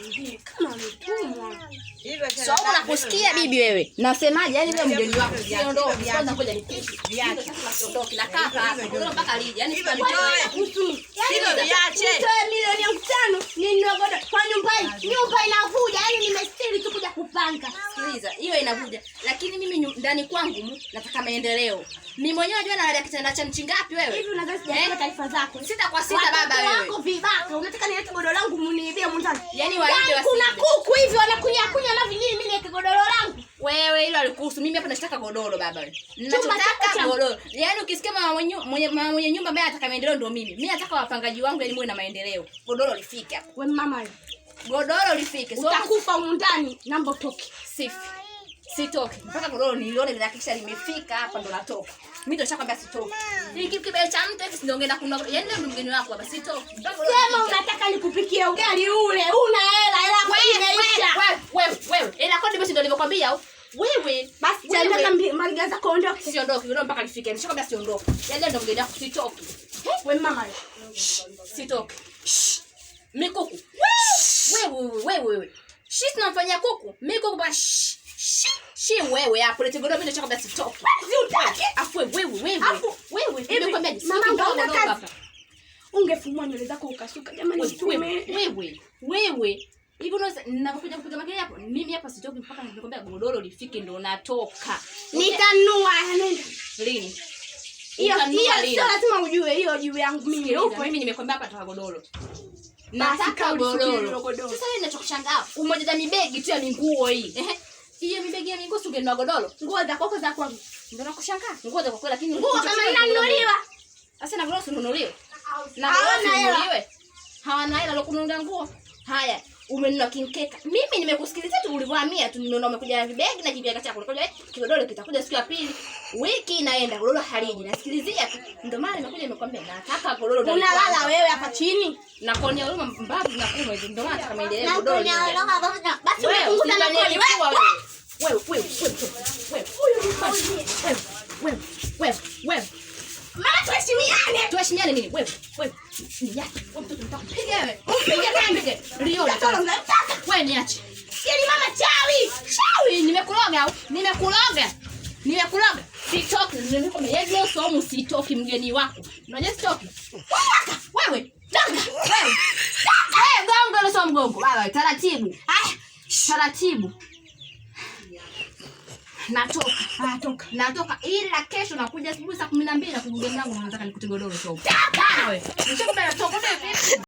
mwingine kama mtumwa. So nakusikia bibi wewe. Nasemaje? Yaani wewe mgeni wako nitoe. Yaani milioni yangu tano. Ninunue kwa nyumba. Nyumba inavuja. Yaani nimestiri tu kuja kupanga. Sikiliza, hiyo inavuja. Lakini mimi ndani kwangu nataka maendeleo. Mimi mwenyewe najua nalalia kitanda cha mchingapi wewe. Hivi unadhani sijapata eh? taarifa zako? Sita kwa sita baba wewe. Wako vibaka nataka nilete godoro langu mniibie mwanzani. Yaani waibe wasi. Yaani kuna kuku hivi wanakunya kunya na vijini mimi niweke godoro langu. Wewe hilo alikuhusu. Mimi hapa nashtaka godoro baba. Ninachotaka godoro. Yaani ukisikia mwenye mwenye nyumba ambaye anataka maendeleo ndio mimi. Mimi nataka wapangaji wangu yaani muwe na maendeleo. Godoro lifike hapo. Wewe mama. Godoro lifike. So utakufa huko ndani na mbotoke. Sifi sitoki mpaka godoro nilione linahakikisha limefika hapa, ndo natoka mimi, ndo nishakwambia sitoki. Hii kitu kibele cha mtu hivi, sindongeenda kuna yani, ndo mgeni wako hapa, sitoki. Sema unataka nikupikie ugali ule, una hela hela kwa imeisha. Wewe wewe, wewe, ila kodi basi, ndo nilivyokuambia wewe basi, chana kambi maliga zako, ondoka. Siondoki, ndio mpaka nifike, nishakwambia siondoki. Yani ndo mgeni wako, sitoki. Wewe mama, sitoki. Mikuku wewe wewe wewe, shit, namfanyia kuku mikuku bash She wewe hapo lete godoro mimi nachokwambia sitoki. Afu wewe wewe. Afu wewe nimekwambia sitoki. Ungefumua nywele zako ukasuka jamani sikume. Wewe wewe hivi unaweza ninapokuja kupiga makelele hapo mimi hapa sitoki mpaka nikwambia godoro lifike ndo natoka. Nitanua nenda. Lini? Hiyo hiyo lazima ujue hiyo juu yangu mimi. Huko mimi nimekwambia hapa toka godoro. Nataka godoro. Sasa wewe ninachokushangaa umoja mibegi tu ya minguo hii. Kija mibegia miguu suge na godoro. Nguo za kwako za kwangu. Ndio nakushangaa. Nguo za kwako lakini nguo kama ina nunuliwa. Sasa na godoro nunuliwe. Na hawana hela. Hawana hela lokununulia nguo. Haya, umenunua kinkeka. Mimi nimekusikiliza tu ulivyohamia tu nimeona umekuja na vibegi na kibiaga chako. Nikaja eh, kigodoro kitakuja siku ya pili. Wiki inaenda godoro haliji. Nasikilizia tu. Ndio maana nimekuja nimekwambia nataka gololo. ndio. Unalala wewe hapa chini. Na kuonea huruma mbavu na kuuma hivi. Ndio maana kama ile godoro. Basi umepunguza na kodi wewe wewe wewe wewe wewe huyu basi wewe wewe wewe wewe mama, tuheshimiane tuheshimiane nini wewe wewe ni yake wewe mtoto nitakupiga wewe mpige nani ndio nataka unataka wewe niache sili mama chawi chawi nimekuloga au nimekuloga nimekuloga sitoki nimekuloga yeye somo sitoki mgeni wako unajua sitoki wewe danga wewe wewe eh, gongo sio mgongo baba taratibu haya taratibu natoka natoka natoka, ila kesho nakuja asubuhi saa kumi na mbili na kuvuga mlango, nataka nikute